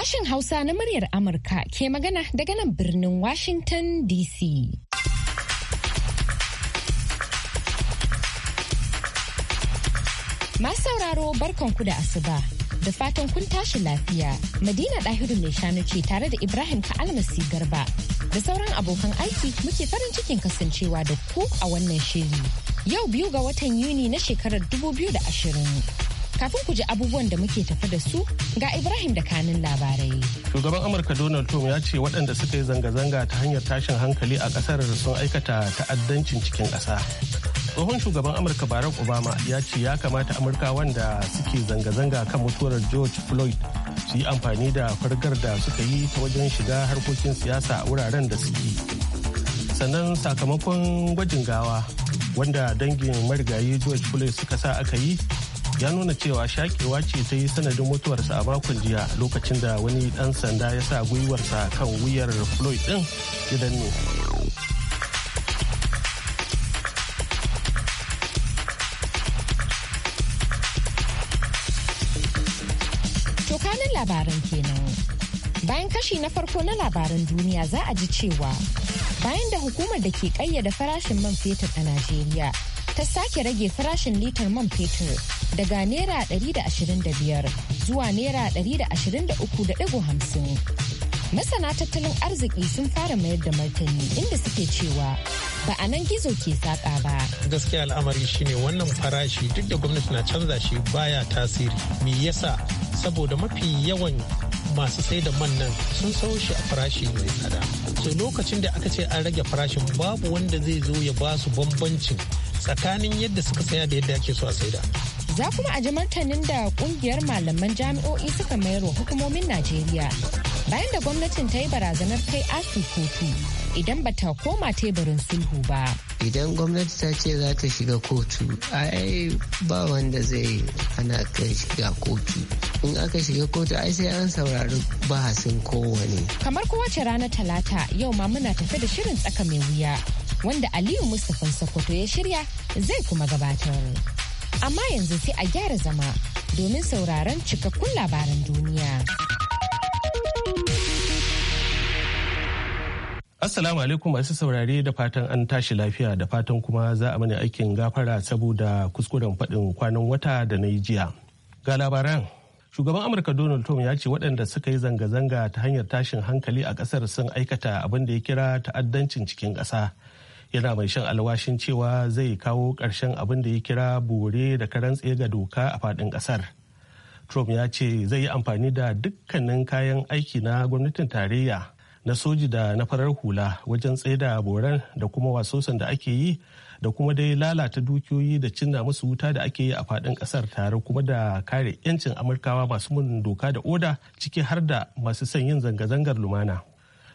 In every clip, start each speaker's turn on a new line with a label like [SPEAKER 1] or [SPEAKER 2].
[SPEAKER 1] Sashen Hausa na muryar Amurka ke magana daga nan birnin Washington DC. Masu sauraro barkanku da asuba. Da fatan kun tashi lafiya, Madina ɗahiru mai shanu ce tare da Ibrahim ka Almasi Garba da sauran abokan aiki muke farin cikin kasancewa da ku a wannan shiri. Yau biyu ga watan Yuni na shekarar 2020. Kafin ku ji abubuwan da muke tafi da su ga Ibrahim da kanin labarai.
[SPEAKER 2] Shugaban Amurka Donald Trump ya ce waɗanda suka yi zanga-zanga ta hanyar tashin hankali a ƙasar sun aikata ta'addancin cikin ƙasa. Tsohon shugaban Amurka Barack Obama ya ce ya kamata Amurka wanda suke zanga-zanga kan mutuwar George Floyd su yi amfani da fargar da suka yi ta wajen shiga harkokin siyasa a wuraren da suke. Sannan sakamakon gwajin gawa wanda dangin marigayi George Floyd suka sa aka yi ya nuna cewa shakewa ce ta yi sanadin mutuwarsa a makon jiya lokacin da wani dan sanda ya sa gwiwarsa kan wuyar floyd din gidan
[SPEAKER 1] ne labaran kenan bayan kashi na farko na labaran duniya za a ji cewa bayan da hukumar da ke kayyada farashin man fetur a najeriya ta sake rage farashin litar man fetur daga naira 125 zuwa naira 123.50 masana tattalin arziki sun fara mayar da martani inda suke cewa ba a nan gizo ke saƙa ba.
[SPEAKER 3] Gaskiya al'amari shine wannan farashi duk da gwamnati na canza shi baya tasiri. Me yasa? Saboda mafi yawan masu sai da man nan sun sau shi a farashi mai tsada. So lokacin da aka ce an rage farashin babu wanda zai zo ya basu su bambancin tsakanin yadda suka saya da yadda ake so a saida.
[SPEAKER 1] Za kuma a ji martanin da kungiyar malaman jami'o'i suka mayar wa hukumomin Najeriya. Bayan da gwamnatin ta yi barazanar kai asu kotu idan ba ta koma teburin sulhu ba.
[SPEAKER 4] Idan gwamnati ta ce za ta shiga kotu, ai ba wanda zai hana kai shiga kotu. in aka shiga kotu ai sai an saurari bahasin kowane.
[SPEAKER 1] Kamar kowace rana talata yau ma muna tafe da shirin tsaka mai wuya wanda Aliyu Mustapha Sokoto ya shirya zai kuma gabatar. Amma yanzu sai a gyara zama domin sauraron cikakkun labaran duniya.
[SPEAKER 2] Assalamu alaikum masu saurare da fatan an tashi lafiya da fatan kuma za a mani aikin gafara saboda kuskuren faɗin kwanan wata da na yi jiya. Ga labaran shugaban amurka donald trump ya ce waɗanda suka yi zanga-zanga ta hanyar tashin hankali a ƙasar sun aikata abin da ya kira ta'addancin cikin ƙasa yana mai shan alwashin cewa zai kawo ƙarshen abin da ya kira bore da Karan ga doka a faɗin ƙasar trump ya ce zai yi amfani da dukkanin kayan aiki na gwamnatin tarayya na soji da na farar hula wajen tsaida boren da kuma wasosan da ake yi da kuma dai lalata dukiyoyi da cinna musu wuta da ake yi a fadin kasar tare kuma da kare 'yancin amurkawa masu mun doka da oda ciki har da masu son yin zanga-zangar lumana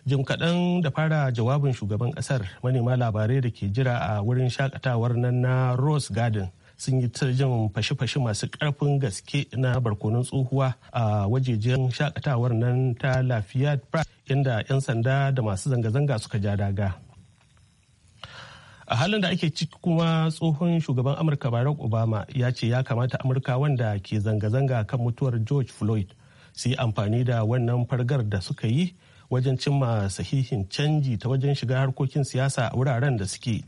[SPEAKER 2] jim kaɗan da fara jawabin shugaban ƙasar manema labarai da ke jira a wurin shakatawar nan na rose garden sun yi jin fashe-fashe masu ƙarfin gaske na barkonon tsohuwa a wajejen shakatawar nan ta park inda 'yan sanda da masu zanga-zanga suka ja daga a halin da ake ciki kuma tsohon shugaban amurka barack obama ya ce ya kamata amurka wanda ke zanga-zanga kan mutuwar george floyd su yi amfani da wannan fargar da suka yi wajen cimma sahihin canji ta wajen shiga harkokin siyasa a wuraren da suke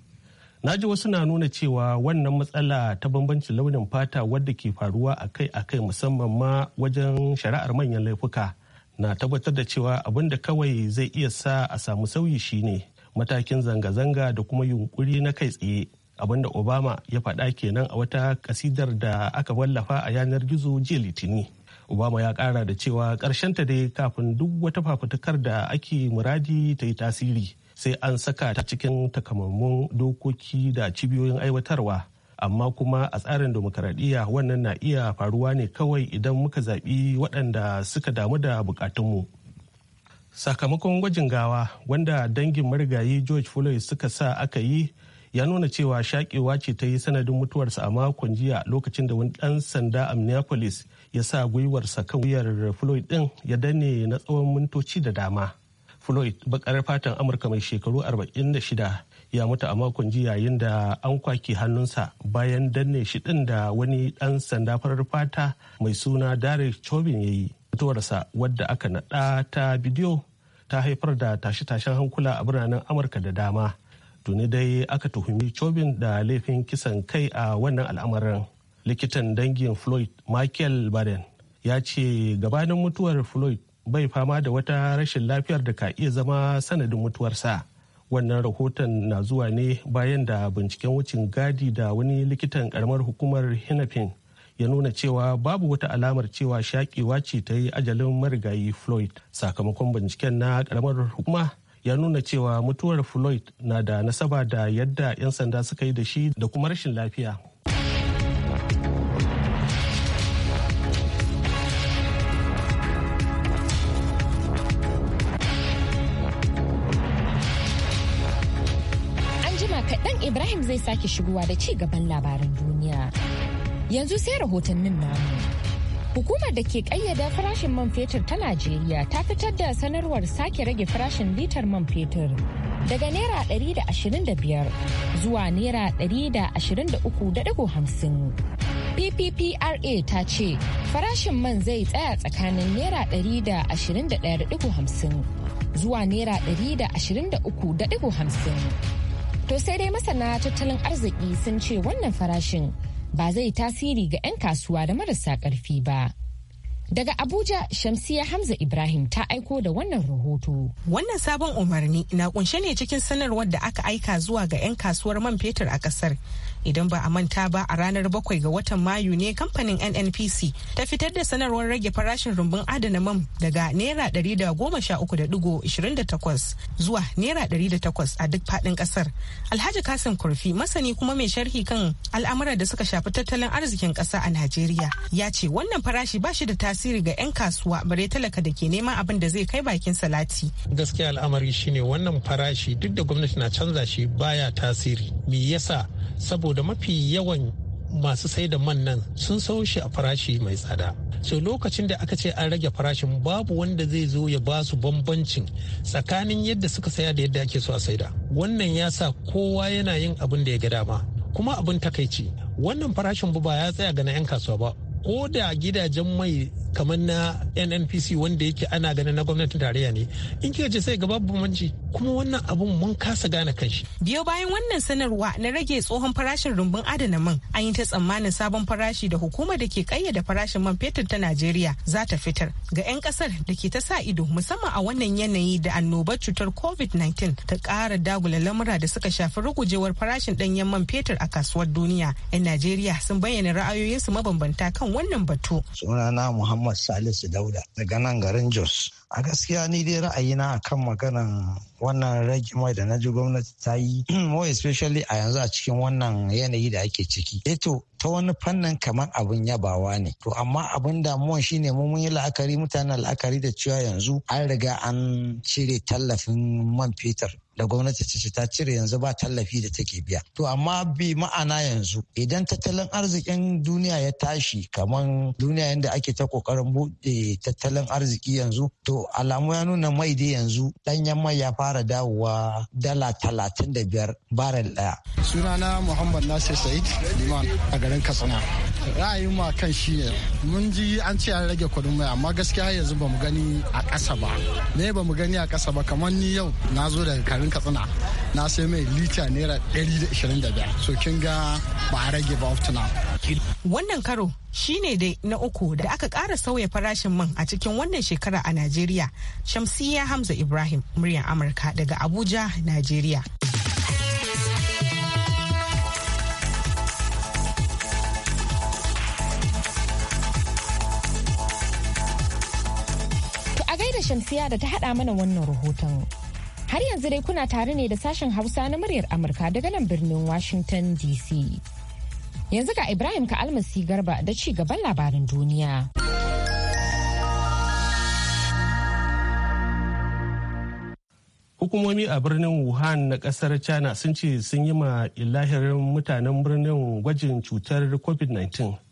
[SPEAKER 2] na ji wasu na nuna cewa wannan matsala ta bambancin launin fata wadda ke faruwa akai-akai musamman ma wajen shari'ar manyan laifuka na tabbatar da cewa abin da kawai zai iya sa a samu sauyi shine matakin zanga-zanga da kuma yunkuri na kai tsaye abinda obama ya faɗa kenan a wata kasidar da aka wallafa a yanar gizo jiya litini obama ya ƙara da cewa ta dai kafin duk wata fafutukar da ake muradi ta yi tasiri sai an saka ta cikin takamammun dokoki da cibiyoyin aiwatarwa amma kuma a tsarin demokaradiyya wannan na iya faruwa ne kawai idan muka zaɓi waɗanda suka damu da bukatunmu sakamakon gwajin gawa wanda dangin marigayi george floyd suka sa aka yi ya nuna cewa shakewa ce ta yi sanadin mutuwarsa a makon jiya lokacin da wani dan sanda a minneapolis ya sa gwiwarsa kan wuyar floyd din ya danne na tsawon mintoci da dama floyd bakar fatan amurka mai shekaru 46 ya mutu a makon jiya yayin da an kwaki hannunsa bayan danne shi din da wani dan sanda farar fata mai suna derek chauvin ya yi mutuwarsa wadda aka naɗa ta bidiyo ta haifar da tashe-tashen hankula a biranen amurka da dama tuni dai aka tuhumi cobin da laifin kisan kai a wannan al'amarin likitan dangin floyd michael baden ya ce gabanin mutuwar floyd bai fama da wata rashin lafiyar da ka iya zama sanadin mutuwarsa wannan rahoton na zuwa ne bayan da binciken wucin gadi da wani likitan karamar hukumar hinafin ya nuna cewa babu wata alamar cewa shakewa ce ta yi ajalin marigayi floyd sakamakon binciken na karamar hukuma ya nuna cewa mutuwar floyd na da nasaba da yadda 'yan sanda suka yi da shi da kuma rashin lafiya
[SPEAKER 1] an kaɗan ibrahim zai sake shigowa da ci gaban labaran duniya Yanzu sai rahotannin namu. Hukumar da ke kayyada farashin man fetur ta Najeriya ta fitar da sanarwar sake rage farashin litar man fetur daga Naira 125 zuwa Naira 123.50. PPPRA ta ce farashin man zai tsaya tsakanin Naira 121.50 zuwa Naira 123.50. To sai dai masana tattalin arziki sun ce wannan farashin ba zai tasiri ga 'yan kasuwa da marasa ƙarfi ba. Daga Abuja, Shamsiya Hamza Ibrahim ta aiko da wannan rahoto. Wannan sabon umarni na kunshe ne cikin
[SPEAKER 5] sanarwar da aka aika zuwa ga 'yan kasuwar man fetur a kasar. Idan ba a manta ba a ranar bakwai ga watan Mayu ne kamfanin NNPC ta fitar da sanarwar rage farashin rumbun adana man daga Naira takwas zuwa Naira takwas a duk fadin kasar. Alhaji Kasim Kurfi masani kuma mai sharhi kan al'amura da suka shafi tattalin arzikin kasa a Najeriya ya ce wannan farashi ba shi da tasiri ga 'yan kasuwa bare talaka da ke neman abin da zai kai bakin salati.
[SPEAKER 3] Gaskiya al'amari shine wannan farashi duk da gwamnati na canza shi baya tasiri. Me yasa? Saboda mafi yawan masu sai da man nan sun sau shi a farashi mai tsada. So lokacin da aka ce an rage farashin babu wanda zai zo ya ba su bambancin tsakanin yadda suka saya da yadda ake so a saida. Wannan ya sa kowa yana yin abin da ya ga dama. Kuma abin takaici wannan farashin ba ya tsaya ga na 'yan kasuwa ba ko da gidajen mai kamar na nnpc wanda yake ana ganin na gwamnatin tarayya ne in kika ce sai gaba bambanci kuma wannan abun mun kasa gane kanshi
[SPEAKER 5] biyo bayan wannan sanarwa na rage tsohon farashin rumbun adana man an yi ta tsammanin sabon farashi da hukumar da ke kayyada farashin man fetur ta najeriya za ta fitar ga 'yan kasar da ke ta sa ido musamman a wannan yanayi da annobar cutar covid-19 ta kara dagula lamura da suka shafi rugujewar farashin ɗanyen man fetur a kasuwar duniya 'yan najeriya sun bayyana ra'ayoyinsu mabambanta kan kan wannan batu.
[SPEAKER 6] Sunana Muhammad Salisu Dauda daga nan garin Jos. A gaskiya ni dai ra'ayina a kan maganan wannan rage mai da na ji gwamnati ta yi more especially a yanzu a cikin wannan yanayi da ake ciki. Eto eh ta wani fannin kamar abin yabawa ne. To amma abin damuwan shine ne mun yi la'akari mutanen la'akari da cewa yanzu an riga an cire tallafin man fetur da gwamnati ta ce ta cire yanzu ba tallafi da take biya to amma bi ma'ana yanzu idan tattalin arzikin duniya ya tashi kamar duniya yadda ake ta kokarin buɗe tattalin arziki yanzu to alamu ya nuna mai dai yanzu ɗanyen mai ya fara dawowa dala talatin da biyar barel ɗaya
[SPEAKER 7] sunana muhammad nasir sa'id liman a garin katsina ra'ayin mu kan shi ne mun ji an ce an rage kudin mai amma gaskiya yanzu ba mu gani a ƙasa ba me ba mu gani a ƙasa ba kamar ni yau na zo daga karin katsina
[SPEAKER 5] na sai mai lita naira 125 so kin ga ba a rage ba na. wannan karo shine dai na uku da aka ƙara sauya farashin man a cikin wannan shekara a najeriya shamsiya hamza ibrahim muryar amurka daga abuja najeriya
[SPEAKER 1] Shamsiya da ta haɗa mana wannan rahoton. Har yanzu dai kuna tare ne da sashen Hausa na muryar Amurka daga nan birnin Washington DC. Yanzu ga Ibrahim ka almasi garba da ci gaban labarin duniya.
[SPEAKER 2] Hukumomi a birnin Wuhan na kasar China sun ce sun yi ma ilahirin mutanen birnin gwajin cutar COVID-19.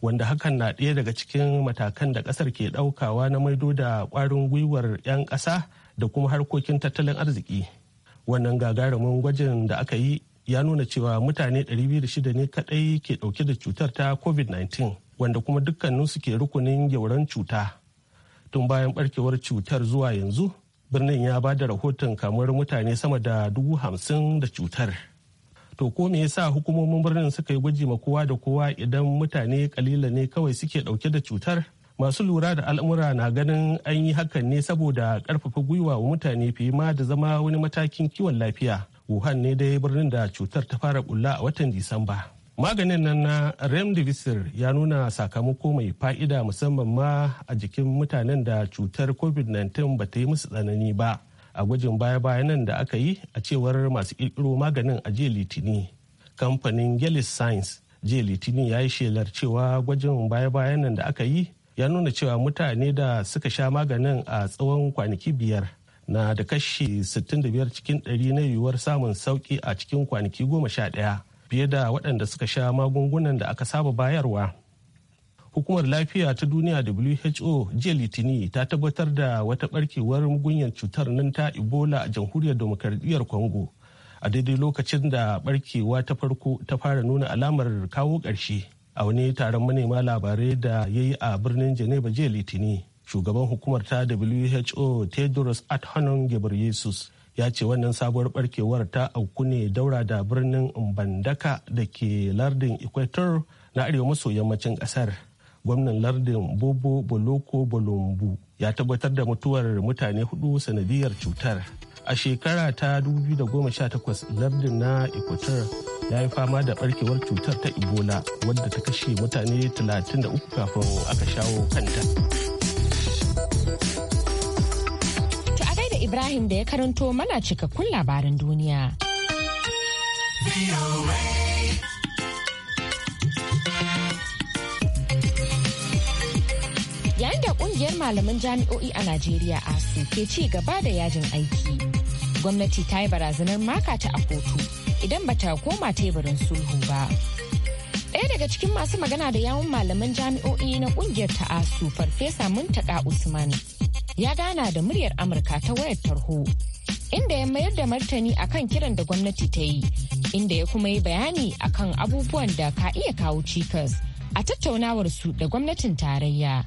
[SPEAKER 2] wanda hakan na ɗaya daga cikin matakan da ƙasar ke ɗaukawa na maido da ƙwarin gwiwar 'yan ƙasa da kuma harkokin tattalin arziki wannan gagarumin gwajin da aka yi ya nuna cewa mutane 206 ne kaɗai ke ɗauke da cutar ta covid-19 wanda kuma su ke rukunin gyauran cuta tun bayan barkewar cutar zuwa yanzu birnin ya ba da rahoton kamar mutane sama da dubu hamsin da cutar. to ko me yasa hukumomin birnin suka yi gwaji ma kowa da kowa idan mutane kalila ne kawai suke dauke da cutar masu lura da al'amura na ganin an yi hakan ne saboda karfafa gwiwa wa mutane fiye ma da zama wani matakin kiwon lafiya wuhan ne dai birnin da cutar ta fara bulla a watan disamba maganin nan na remdesivir ya nuna sakamako mai fa'ida musamman ma a jikin mutanen da cutar covid-19 ba ta yi musu tsanani ba a gwajin baya nan da aka yi a cewar masu ƙirƙiro maganin a jiya litini kamfanin gelis science jiya litini ya yi shelar cewa gwajin baya nan da aka yi ya nuna cewa mutane da suka sha maganin a tsawon kwanaki biyar na da kashi 65 cikin 100 na yiwuwar samun sauki a cikin kwanaki 11 fiye da waɗanda suka sha magungunan da aka saba bayarwa. hukumar lafiya ta duniya who jiya litini ta tabbatar da wata barkewar mugunyar cutar nan ta ebola a jamhuriyar demokradiyyar congo a daidai lokacin da barkewa ta farko ta fara nuna alamar kawo ƙarshe a wani taron manema labarai da ya yi a birnin geneva jiya litini shugaban hukumar ta who tedros adhanom ghebreyesus ya ce wannan sabuwar barkewar ta auku ne daura da birnin mbandaka da ke lardin equator na arewa maso yammacin kasar gwamnan lardin bobo boloko bolombu ya tabbatar da mutuwar mutane hudu sanadiyar cutar a shekara ta 2018 lardin na equator ya yi fama da barkewar cutar ta ebola wadda ta kashe mutane 33 kafin aka shawo kanta
[SPEAKER 1] to a da ibrahim da ya karanto mana cikakkun labarin duniya Ƙungiyar malaman jami'o'i a Najeriya ASU ke ci gaba da yajin aiki. Gwamnati ta yi barazanar maka ta a kotu idan ba ta koma teburin sulhu ba. Ɗaya daga cikin masu magana da yawun malaman jami'o'i na ƙungiyar ta ASU Farfesa Muntaka Usman ya gana da muryar Amurka ta wayar tarho inda ya mayar da martani akan kiran da gwamnati ta yi inda ya kuma yi bayani akan abubuwan da ka iya kawo cikas a tattaunawar su da gwamnatin tarayya.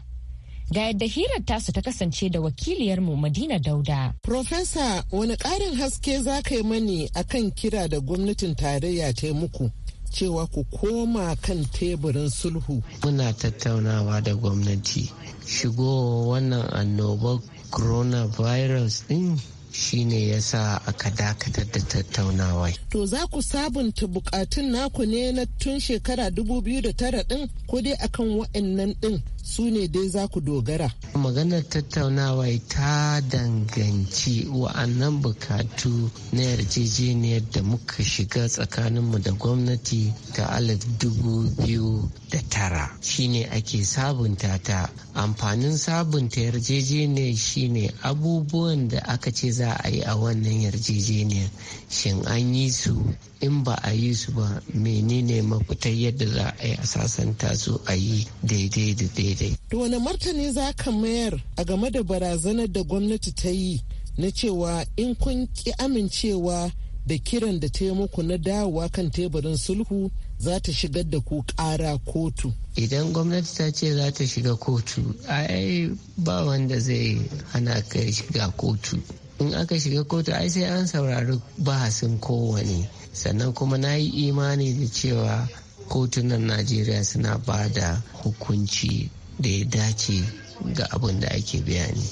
[SPEAKER 1] Ga yadda hirar tasu ta kasance da wakiliyarmu Madina Dauda.
[SPEAKER 6] Profesa, wani ƙarin haske za ka yi mani akan kira da gwamnatin tarayya ta yi muku? cewa ku koma kan teburin
[SPEAKER 4] sulhu. Muna tattaunawa da gwamnati. Shigo wannan annobar coronavirus din shine ya sa aka dakatar da tattaunawa.
[SPEAKER 6] To za ku sabunta bukatun naku ne na tun shekara 2009 ɗin, ko dai akan wa'annan ɗin? su ne dai za ku dogara.
[SPEAKER 4] Maganar tattaunawa ta danganci wa'annan bukatu na yarjejeniyar da muka shiga tsakaninmu da gwamnati ta alif dubu biyu da tara shine ake sabunta ta amfanin sabunta yarjejeniyar shine abubuwan da aka ce za a yi a wannan yarjejeniyar shin an yi su in ba a yi su ba menene mafitar yadda za a yi a sasanta su a yi daidai da daidai.
[SPEAKER 6] To wani martani za ka mayar a game da barazanar da gwamnati ta yi na cewa in kun ki amincewa da kiran da ta yi na dawowa kan teburin sulhu za ta shigar da ku ƙara
[SPEAKER 4] kotu. Idan gwamnati ta ce za ta shiga kotu, ai ba wanda zai hana kai shiga kotu. In aka shiga kotu, ai sai an saurari bahasin kowane. Sannan kuma na yi imani da cewa kotunan Najeriya suna ba da hukunci da ya dace ga abin da ake bayani.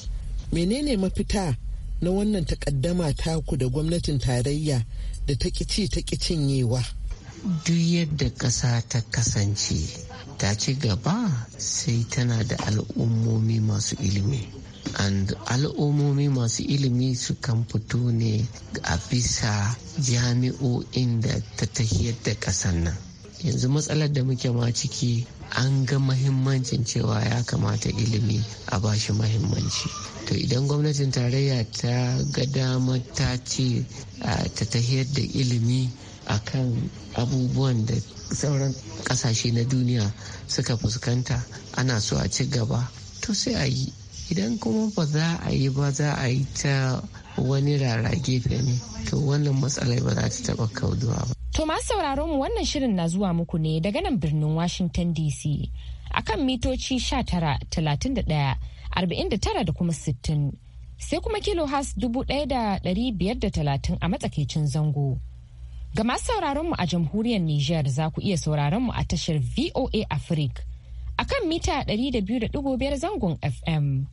[SPEAKER 6] menene mafita na wannan takaddama taku da gwamnatin tarayya
[SPEAKER 4] da ta ci ta cinyewa duk yadda ƙasa ta kasance ta ci gaba sai tana da al'ummomi masu ilimi and al'ummomi masu ilimi su kan fito ne a bisa jami'o'in da ta tahiyar da ƙasar nan yanzu matsalar da muke ma ciki an ga mahimmancin cewa ya kamata ilimi a bashi mahimmanci to idan gwamnatin tarayya ta ga dama ta ce ta tahiyar da ilimi a kan abubuwan da sauran kasashe na duniya suka fuskanta ana so a ci gaba to sai a yi idan kuma ba za a yi ba za a yi ta wani rara gefe ne to wannan matsalai ba za ta taba kauduwa ba
[SPEAKER 1] To masu sauraron mu wannan shirin na zuwa muku ne daga nan birnin Washington DC akan mitoci 19,31, da kuma 60. Sai kuma kilo has 1,530 a matsakaicin zango. Ga masu mu a jamhuriyar Nijar za ku iya sauraron mu a tashar VOA Africa akan mita 200.5 zangon FM.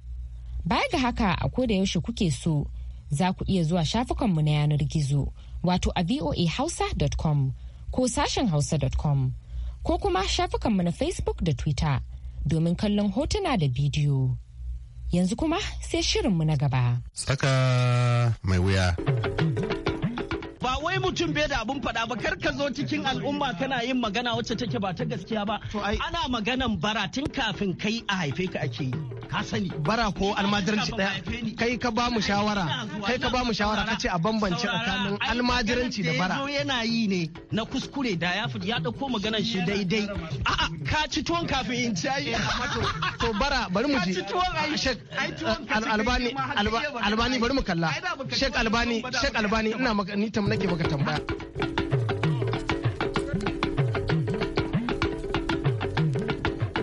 [SPEAKER 1] Baya ga haka a koda yaushe kuke so za ku iya zuwa shafukanmu na yanar gizo. wato a voahausa.com ko sashen hausa.com ko kuma shafukanmu na Facebook da Twitter domin kallon hotuna da bidiyo. Yanzu kuma sai shirinmu na gaba.
[SPEAKER 8] Saka mai wuya.
[SPEAKER 9] wai mutum bai da abun faɗa ba kar ka zo cikin al'umma kana yin magana wacce take ba ta gaskiya ba ana maganan bara tun kafin kai a haife ka ake yi ka sani bara ko almajiranci daya kai ka ba mu shawara kai ka ba mu shawara ka ce a bambance tsakanin almajiranci da bara yana yi ne na kuskure da ya fi ya dauko maganar shi daidai a'a
[SPEAKER 7] ka ci tuwon kafin in ci ayi to bara bari mu ji shek albani albani bari mu kalla shek albani shek albani ina maka ni tam nake maka tambaya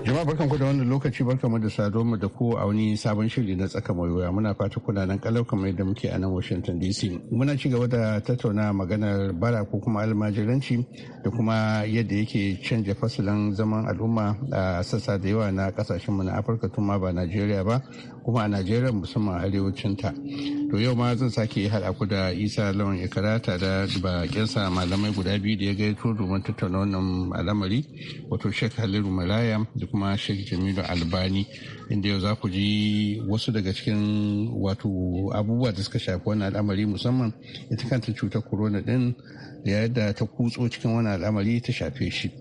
[SPEAKER 8] jama'a barkan ku da wannan lokaci barkan mu da saduwar mu da ku a wani sabon shiri na tsaka mai wuya muna fata kuna nan kalau kamar yadda muke a nan Washington DC muna ci gaba da tattauna maganar bara ko kuma almajiranci da kuma yadda yake canja fasalan zaman al'umma a sassa da yawa na kasashen mu na Afirka tun ma ba Najeriya ba kuma a najeriya musamman arewacin ta to yau ma zan sake haɗa ku da isa lawan ikarata da bakinsa malamai guda biyu da ya gaito domin tattauna wannan al'amari wato sheikh halilu malaya da kuma sheikh jamilu albani inda yau za ku ji wasu daga cikin wato abubuwa da suka shafi wannan al'amari musamman ita kanta cutar corona din da yadda ta kutso cikin wannan al'amari ta shafe shi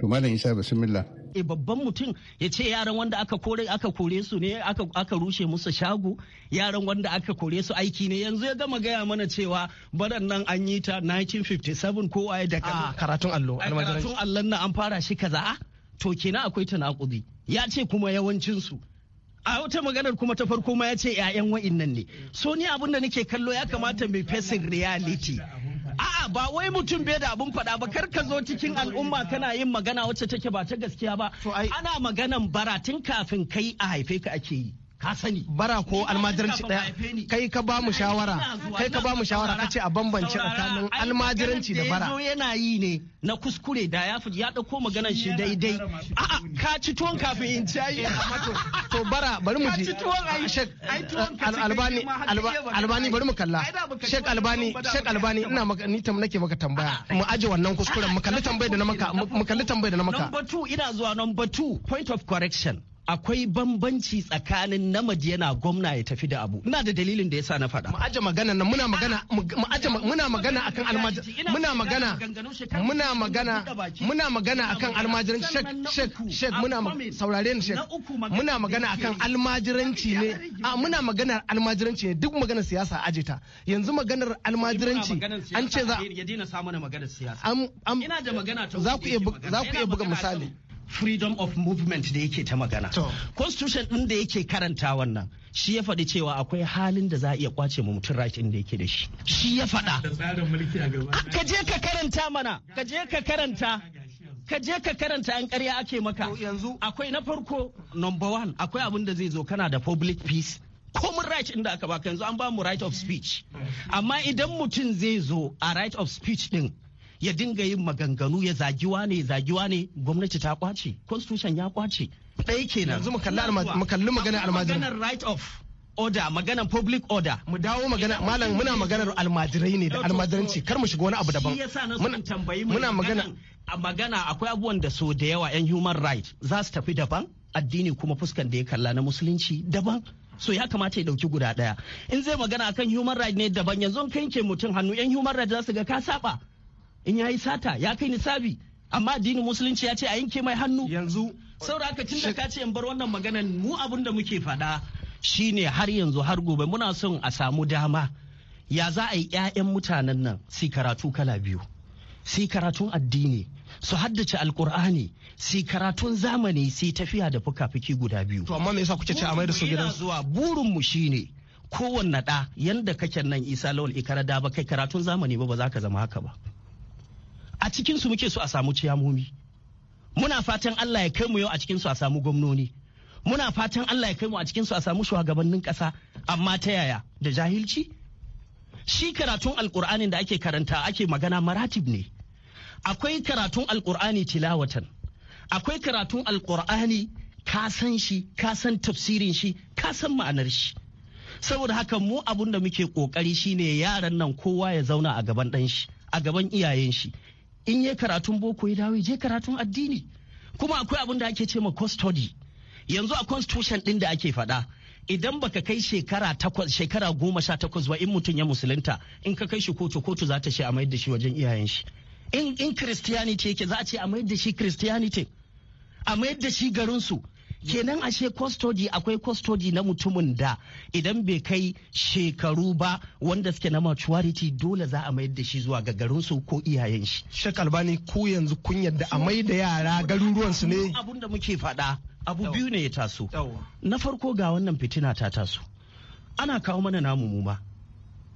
[SPEAKER 8] to malam isa bismillah
[SPEAKER 9] Eh, babban mutum ya ce yaran wanda aka kore aka kore su ne aka rushe musu shago yaran wanda aka kore su aiki ne yanzu ya gama gaya mana cewa baran nan an yi ta 1957 ko waye da ah,
[SPEAKER 7] karatun allo karatun
[SPEAKER 9] allon nan an fara shi kaza ah, to kina akwai tanakudi ya ce kuma yawancin su a wata maganar kuma ta farko ma ya ce 'ya'yan nan ne so ni abin da nake kallo ya kamata mai fesin reality A'a ba wai mutum bai da abun faɗa ba kar ka zo cikin al'umma kana yin magana wacce take ba ta gaskiya ba. Ana maganan bara kafin kai a haife ka ake yi. ka sani bara ko almajiranci daya kai ka ba mu shawara kai ka ba mu shawara kace a bambance tsakanin almajiranci da bara yana yi ne na kuskure da ya ya dauko maganar shi daidai a
[SPEAKER 7] ka ci tuwon kafin in ci ayi eh, to bara bari mu ji eh, albani albani bari mu kalla shek albani shek albani ina maka ni tam nake maka tambaya mu aje wannan kuskuren mu kalli tambayar da na maka mu kalli tambayar da na maka number
[SPEAKER 9] 2 ina zuwa number 2 point of correction akwai bambanci tsakanin namiji yana gwamna ya tafi da abu ina da dalilin da yasa na faɗa mu
[SPEAKER 7] aje magana nan muna magana mu aje muna magana akan almajir muna magana muna magana muna magana akan almajiran shek shek shek muna saurare ni shek muna magana akan almajiranci ne a muna magana almajiranci ne duk maganar siyasa aje ta yanzu maganar almajiranci an ce za ya
[SPEAKER 9] daina samu maganar siyasa
[SPEAKER 7] ina da magana ta za ku iya buga misali freedom
[SPEAKER 9] of movement da yake ta magana constitution ɗin da yake karanta wannan shi ya faɗi cewa akwai halin da za a iya kwace mu mutum right da yake da shi shi ya faɗa
[SPEAKER 10] ah,
[SPEAKER 9] ka je ka karanta mana ka je ka karanta ka je ka karanta an karya ake maka yanzu akwai na farko number one akwai abin da zai zo kana da public peace common right inda aka baka yanzu an ba mu right of speech amma idan mutum zai zo a right of speech din ya dinga yin maganganu ya zagiwa ne zagiwa ne gwamnati ta kwace
[SPEAKER 7] constitution ya kwace ɗaya kenan yanzu mu kalli maganar almajirai maganar
[SPEAKER 9] right of order maganar public order mu dawo magana malam muna maganar
[SPEAKER 7] almajirai ne da almajiranci kar mu shiga wani abu daban muna magana
[SPEAKER 9] a magana akwai abubuwan da so da yawa yan human right za su tafi daban addini kuma fuskan da ya kalla na musulunci daban so ya kamata ya dauki guda daya in zai magana akan human right ne daban yanzu kan ke mutum hannu yan human right za su ga ka saba in yayi sata ya kai nisabi amma addinin musulunci ya ce a yanke mai hannu yanzu saura tun da ka ce in bar wannan maganan mu abin da muke faɗa shine har yanzu har gobe muna son a samu dama ya za a yi 'ya'yan mutanen nan si karatu kala biyu si karatun addini su haddace alkur'ani si karatun zamani si tafiya da fuka-fuki guda biyu to amma me yasa kuke ce a mai da su gidan zuwa burin mu shine kowanne da yanda kake nan Isa Lawal Ikara da ba kai karatun zamani ba ba za ka zama haka ba a cikinsu muke so a samu ciyamomi muna fatan Allah ya kai mu yau a cikin a samu gwamnoni muna fatan Allah ya kai mu a cikin su a samu shugabannin kasa amma ta yaya da jahilci shi karatun alkur'anin da ake karanta ake magana maratib ne akwai karatun alkur'ani tilawatan akwai karatun alkur'ani ka san shi ka san tafsirin shi ka san ma'anar shi saboda haka mu abun da muke kokari shine yaran nan kowa ya zauna a gaban dan shi a gaban iyayen shi in ya karatun boko ya dawo je karatun addini kuma akwai abin da ake ce ma custody yanzu a constitution din da ake faɗa idan baka kai shekara takwas shekara goma sha takwas ba in mutum ya musulunta in ka kai shi kotu kotu za ta ce a mayar da shi wajen iyayen shi in in christianity yake za a ce a mayar da shi christianity a mayar da shi garinsu. kenan ashe custody akwai custody na mutumin da idan bai kai shekaru ba wanda suke na maturity dole za a mayar da shi zuwa ga garinsu ko iyayen shi shek albani ku yanzu kun yadda a mai da yara garuruwansu ne abun da muke faɗa abu biyu ne ya taso na farko ga wannan fitina ta taso ana kawo mana namu mu ma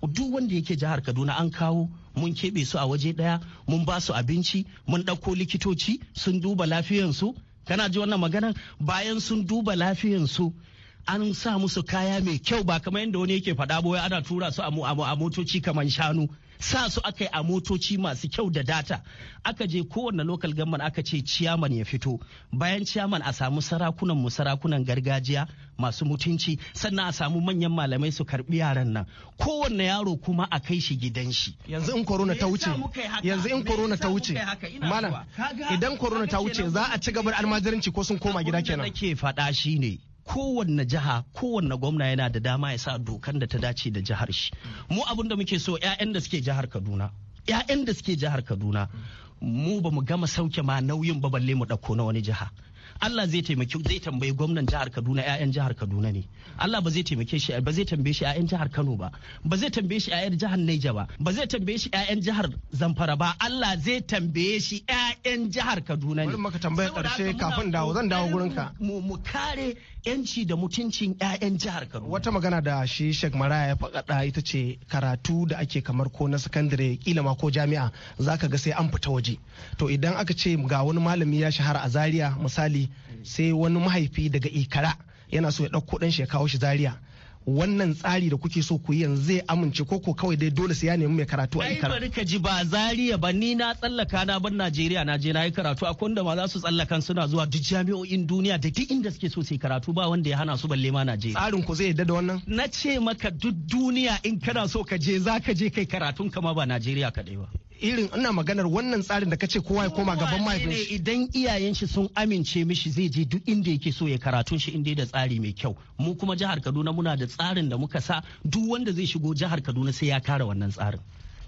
[SPEAKER 9] duk wanda yake jihar kaduna an kawo mun keɓe su a waje ɗaya mun ba su abinci mun ɗauko likitoci sun duba lafiyansu kana ji wannan maganan bayan sun duba lafiyansu an sa musu kaya mai kyau ba kamar yadda wani yake faɗa boye ana tura su a motoci kamar shanu sa su aka yi a motoci masu kyau da data aka je kowane lokal gamman aka ce ciyaman ya fito bayan ciyaman a samu sarakunan mu sarakunan gargajiya masu mutunci sannan a samu manyan malamai su karbi yaran nan kowanne yaro kuma a kai shi gidan shi
[SPEAKER 7] yanzu in corona ta wuce
[SPEAKER 9] yanzu in corona ta wuce malam idan corona ta wuce za a ci gaba da almajiranci ko sun koma gida kenan nake faɗa shine kowanne jiha kowanne gwamna yana da dama ya sa dokan da ta dace da jihar shi mu abin da muke so 'ya'yan da suke jihar kaduna 'ya'yan da suke jihar kaduna mu ba mu gama sauke ma nauyin ba balle mu ɗauko na wani jiha Allah zai taimaki zai tambayi gwamnan jihar Kaduna ƴaƴan jihar Kaduna ne Allah ba zai taimake shi ba zai tambaye shi ƴaƴan jihar Kano ba ba zai tambaye shi ƴaƴan jihar Niger ba ba zai tambaye shi ƴaƴan jihar Zamfara ba Allah zai tambaye shi ƴaƴan jihar Kaduna ne bari maka tambayar karshe kafin dawo zan dawo gurin ka mu kare yanci da mutuncin ƴaƴan jihar Kaduna
[SPEAKER 7] wata magana da shi Sheikh Maraya ya faɗa ita ce karatu da ake kamar ko na sakandare kila ma ko jami'a zaka ga sai an fita waje to idan aka ce ga wani malami ya shahara a Zaria misali sai wani mahaifi daga ikara yana so ya ɗauko kuɗin shi ya kawo shi zaria wannan tsari da kuke so ku yi yanzu zai amince ko ko kawai dai dole sai ya nemi mai karatu a ikara.
[SPEAKER 9] bari ka ji ba zaria ba ni na tsallaka na bar Najeriya na je na yi karatu a kunda ma za su tsallakan suna zuwa duk jami'o'in duniya da duk inda suke so su yi karatu ba wanda ya hana su balle ma Najeriya. Tsarin ku zai yadda da wannan? Na ce maka duk duniya in kana so ka je za ka je kai karatun kama ba Najeriya kaɗai ba.
[SPEAKER 7] irin ina maganar wannan tsarin da kace kowa ya koma gaban mahaifin shi idan iyayen shi sun amince mishi
[SPEAKER 9] zai je duk inda yake so ya karatun shi inda da tsari mai kyau mu kuma jihar Kaduna muna da tsarin da muka sa duk wanda zai shigo jihar Kaduna sai ya kare wannan tsarin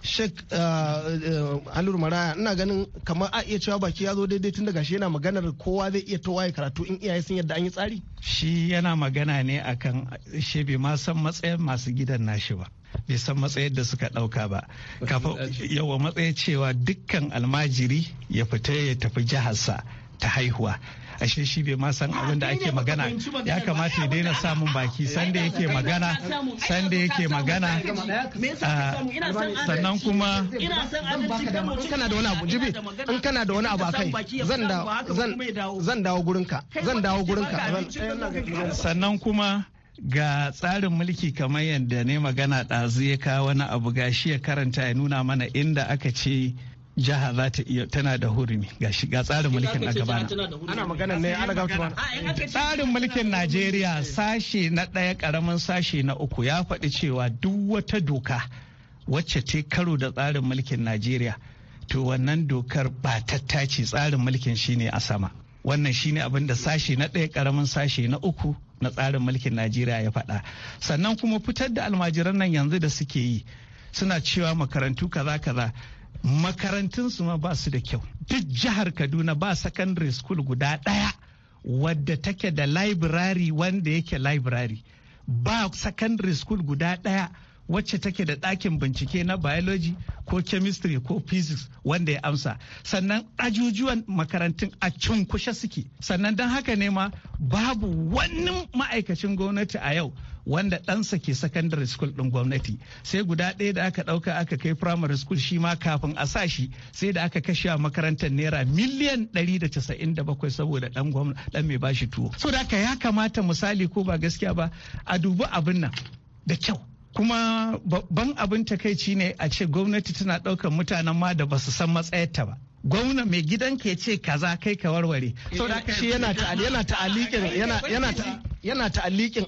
[SPEAKER 7] Sheikh uh, uh, Alur Maraya ina ganin kamar a iya cewa baki ya zo daidai tun daga shi yana maganar kowa zai iya towa
[SPEAKER 10] ya karatu in iyaye sun yadda an yi tsari? Shi yana magana ne akan shi bai ma san matsayin masu gidan nashi ba. bai san matsayar da suka ɗauka ba kafin yawa matsayar cewa dukkan almajiri ya fita ya tafi jiharsa ta haihuwa ashe shi bai ma san ah, abin da ake magana ya kamata ya daina samun baki sanda yake magana sanda yake magana ah, sannan kuma
[SPEAKER 7] kana da wani abu jibi in kana da wani abu akai zan dawo gurinka zan dawo gurinka
[SPEAKER 10] sannan kuma ga tsarin mulki kamar yadda ne magana ɗazu ya kawo wani abu gashi ya karanta ya nuna mana inda aka ce jiha za ta iya tana da hurumi ga ga tsarin mulkin a gabana. Ana Tsarin mulkin Najeriya sashe na ɗaya ƙaramin sashe na uku ya faɗi cewa duk wata doka wacce ta karo da tsarin mulkin Najeriya to wannan dokar ba tattace tsarin mulkin shine a sama. Wannan shine abin da sashe na ɗaya ƙaramin sashe na uku na tsarin mulkin najeriya ya faɗa sannan kuma fitar da almajiran nan yanzu da suke yi suna cewa makarantu kaza kaza makarantunsu ma ba su da kyau duk jihar kaduna ba secondary school guda ɗaya wadda take da library wanda yake library ba secondary school guda ɗaya wacce take da ɗakin bincike na biology ko chemistry ko physics wanda ya amsa sannan ajujuwan makarantun a cunkushe suke sannan don haka ne ma babu wani ma'aikacin gwamnati a yau wanda ɗansa ke secondary school ɗin gwamnati sai guda ɗaya da aka ɗauka aka kai primary school shi ma kafin a sa shi sai da aka kashe makarantar naira miliyan ɗari da casa'in 197 saboda ɗan ɗan mai bashi tuwo so da ya kamata misali ko ba gaskiya ba a dubi abin nan da kyau kuma babban abin takaici ne a ce gwamnati tana ɗaukar mutanen ma da basu san matsayarta ba gwamna mai gidan ke ce kaza kai ka warware yana
[SPEAKER 7] ta'alikin yana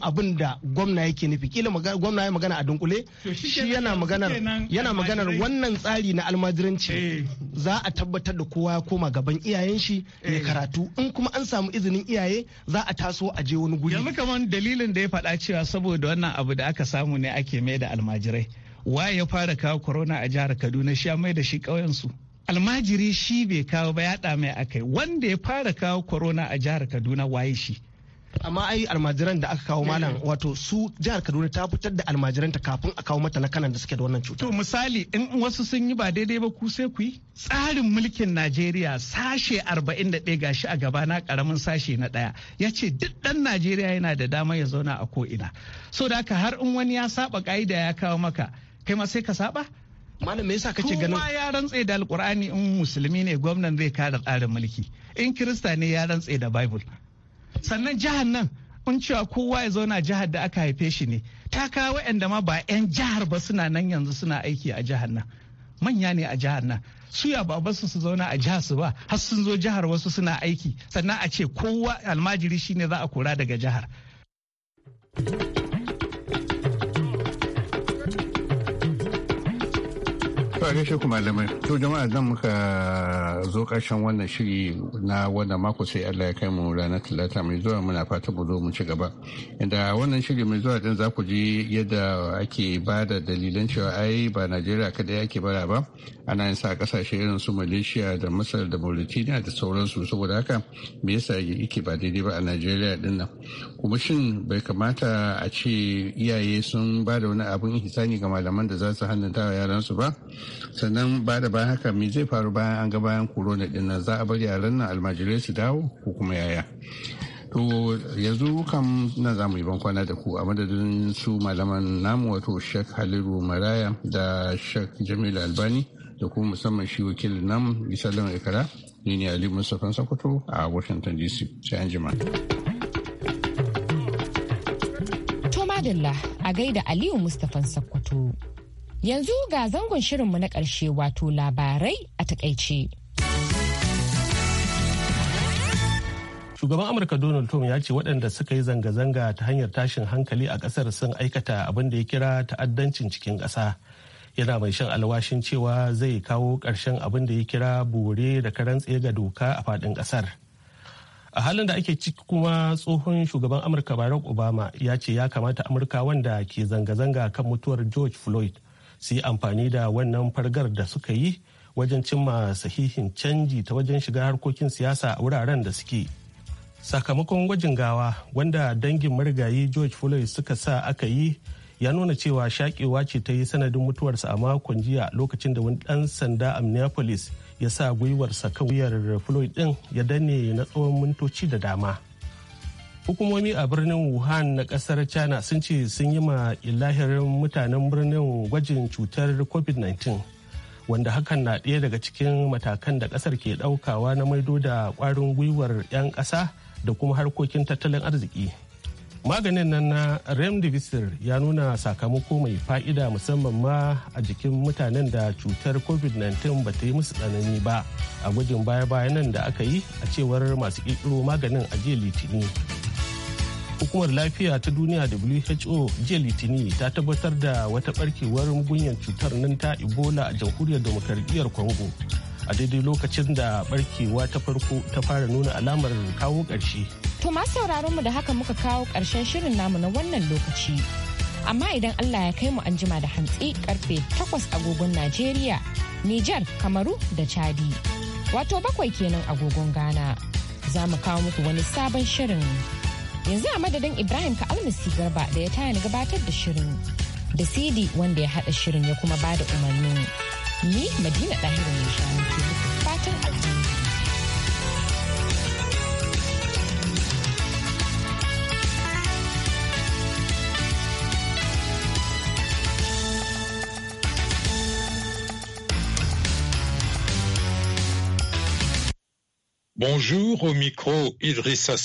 [SPEAKER 7] abin da gwamna yake nufi kila gwamna ya magana a dunkule shi yana maganar wannan tsari na almajiranci eh. za a tabbatar da kowa ya koma gaban iyayen shi ya eh. karatu in kuma an samu izinin
[SPEAKER 10] iyaye za a taso a je wani guri yanzu kamar dalilin da ya faɗa cewa saboda wannan abu da aka samu ne ake mai da almajirai waye ya fara kawo corona a jihar kaduna shi ya mai da shi ƙauyensu almajiri shi bai kawo ba yaɗa mai akai wanda ya fara kawo corona a jihar kaduna waye shi
[SPEAKER 7] amma ai almajiran da aka kawo malam eh. wato su jihar kaduna ta fitar
[SPEAKER 10] da almajiranta kafin a kawo mata na kanan da suke da wannan cuta to misali in wasu sun yi ba daidai ba ku sai ku yi tsarin mulkin najeriya sashe 41 gashi a gaba na karamin sashe na daya ya ce duk dan najeriya yana da dama ya zauna a ko ina so da haka har in wani ya saba ka'ida ya kawo maka kai ma sai ka saba malam me yasa kace ganin kuma ya rantse da alkur'ani in musulmi ne gwamnan zai kada tsarin mulki in kirista ne ya rantse da bible sannan jihar nan in cewa kowa ya zauna jihar da aka haife shi ne ta kawo waɗanda ma ba 'yan jihar ba suna nan yanzu suna aiki a jihar nan manya ne a jihar nan suya ba basu su zauna a jihar su ba har sun zo jihar wasu suna aiki sannan a ce kowa almajiri shine za a kora daga jihar.
[SPEAKER 8] a gaishe ku malamai. To jama'a zan muka zo ƙarshen wannan shiri na wannan mako sai Allah ya kai mu ranar talata mai zuwa muna fata mu zo mu ci gaba. Inda wannan shiri mai zuwa din za ku ji yadda ake ba da dalilan cewa ai ba Najeriya kadai ake bara ba. Ana yin sa kasashe irin su Malaysia da Masar da Mauritania da sauransu saboda haka me yasa yake ba daidai ba a Najeriya din nan. kuma shin bai kamata a ce iyaye sun ba da wani abin hisani ga malaman da za su hannunta wa yaransu ba sannan ba da bayan haka me zai faru bayan an ga bayan korona na nan za a bari yaran nan almajirai su dawo ko kuma yaya to yanzu kam na za mu yi bankwana da ku a madadin su malaman namu wato shek haliru maraya da shek jamilu albani da kuma musamman shi wakilin namu isa ikara ni ne ali mustapha sokoto a washington dc sai an jima.
[SPEAKER 1] Adalla a gaida Aliyu Mustapha Sakkwato. Yanzu ga zangon shirinmu na ƙarshe wato labarai a takaice. Shugaban
[SPEAKER 2] Amurka Donald Trump ya ce waɗanda suka yi zanga-zanga ta hanyar tashin hankali a ƙasar sun aikata abin da ya kira ta'addancin cikin ƙasa. Yana mai shan alwashin cewa zai kawo ƙarshen abin da ya kira bore da karan ga doka a faɗin ƙasar. a halin da ake ciki kuma tsohon shugaban amurka barack obama ya ce ya kamata amurka wanda ke zanga-zanga kan mutuwar george floyd su yi amfani da wannan fargar da suka yi wajen cimma sahihin canji ta wajen shiga harkokin siyasa a wuraren da suke sakamakon gwajin gawa wanda dangin marigayi george floyd suka sa aka yi ya nuna cewa shaƙewa ce ta yi sanadin mutuwarsa a makon jiya lokacin da wani dan sanda a minneapolis ya sa gwiwarsa kawuyar floyd din ya danne na tsawon mintoci da dama hukumomi a birnin wuhan na kasar china sun ce sun yi ma ilahirin mutanen birnin gwajin cutar covid-19 wanda hakan na ɗaya daga cikin matakan da kasar ke ɗaukawa na maido da ƙwarin gwiwar 'yan ƙasa da kuma harkokin tattalin arziki. maganin nan na remdesivir ya nuna sakamako mai fa'ida musamman ma a jikin mutanen da cutar covid-19 ba ta yi musu tsanani ba a gwajin baya-bayan nan da aka yi a cewar masu ƙirƙiro maganin a jiya litini hukumar lafiya ta duniya who jiya litini ta tabbatar da wata barkewar mugunyan cutar nan ta ebola a jamhuriyar demokradiyyar congo a daidai lokacin da barkewa ta farko ta fara nuna alamar kawo ƙarshe.
[SPEAKER 1] To ma sauraron mu da haka muka kawo ƙarshen shirin namu na wannan lokaci. Amma idan Allah ya kai mu anjima da hantsi karfe takwas agogon Najeriya, Nijar, Kamaru da Chadi. Wato bakwai kenan agogon Ghana. Za mu kawo muku wani sabon shirin. Yanzu a madadin Ibrahim ka almasi garba da ya taya ni gabatar da shirin. Da Sidi wanda ya haɗa shirin ya kuma bada umarni. Bonjour,
[SPEAKER 3] au micro Idrissa